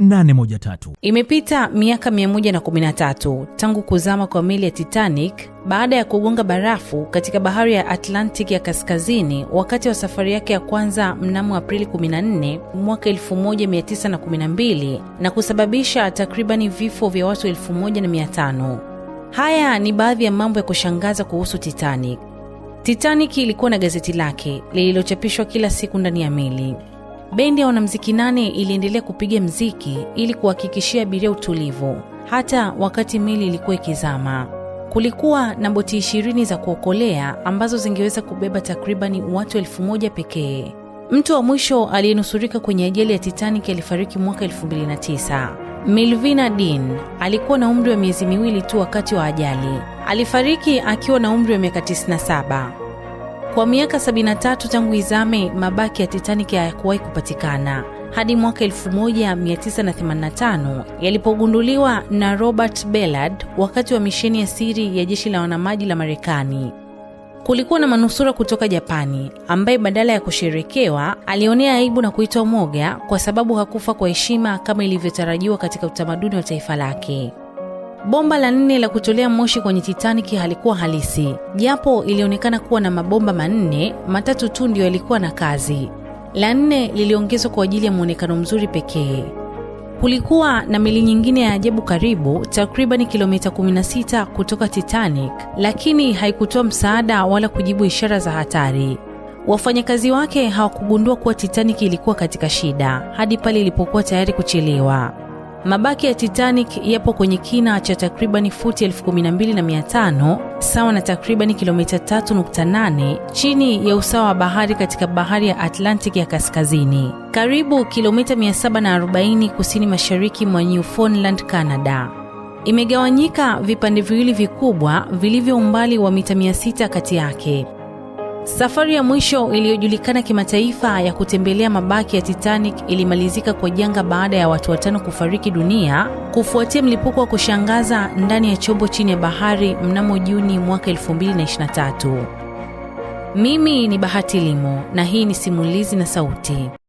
813. Imepita miaka 113 tangu kuzama kwa meli ya Titanic baada ya kugonga barafu katika bahari ya Atlantic ya kaskazini wakati wa safari yake ya kwanza mnamo Aprili 14 mwaka 1912 na kusababisha takribani vifo vya watu 1500. Haya ni baadhi ya mambo ya kushangaza kuhusu Titanic. Titanic ilikuwa na gazeti lake lililochapishwa kila siku ndani ya meli. Bendi ya wanamziki nane iliendelea kupiga mziki ili kuhakikishia abiria utulivu hata wakati meli ilikuwa ikizama. Kulikuwa na boti ishirini za kuokolea ambazo zingeweza kubeba takribani watu elfu moja pekee. Mtu wa mwisho aliyenusurika kwenye ajali ya Titanic alifariki mwaka 2009. Melvina Dean alikuwa na umri wa miezi miwili tu wakati wa ajali. Alifariki akiwa na umri wa miaka 97. Kwa miaka 73 tangu izame, mabaki ya Titanic hayakuwahi kupatikana hadi mwaka 1985 yalipogunduliwa na Robert Ballard wakati wa misheni ya siri ya jeshi la wanamaji la Marekani. Kulikuwa na manusura kutoka Japani ambaye badala ya kusherekewa alionea aibu na kuitwa moga kwa sababu hakufa kwa heshima kama ilivyotarajiwa katika utamaduni wa taifa lake. Bomba la nne la kutolea moshi kwenye Titanic halikuwa halisi, japo ilionekana kuwa na mabomba manne, matatu tu ndio yalikuwa na kazi. La nne liliongezwa kwa ajili ya mwonekano mzuri pekee. Kulikuwa na meli nyingine ya ajabu karibu, takriban kilomita 16 kutoka Titanic, lakini haikutoa msaada wala kujibu ishara za hatari. Wafanyakazi wake hawakugundua kuwa Titanic ilikuwa katika shida hadi pale ilipokuwa tayari kuchelewa. Mabaki ya Titanic yapo kwenye kina cha takribani futi 12,500 sawa na takribani kilomita 3.8 chini ya usawa wa bahari katika bahari ya Atlantic ya kaskazini, karibu kilomita 740 kusini mashariki mwa Newfoundland, Canada. Imegawanyika vipande viwili vikubwa vilivyo umbali wa mita 600 kati yake. Safari ya mwisho iliyojulikana kimataifa ya kutembelea mabaki ya Titanic ilimalizika kwa janga baada ya watu watano kufariki dunia kufuatia mlipuko wa kushangaza ndani ya chombo chini ya bahari mnamo Juni mwaka 2023. Mimi ni Bahati Limo na hii ni Simulizi na Sauti.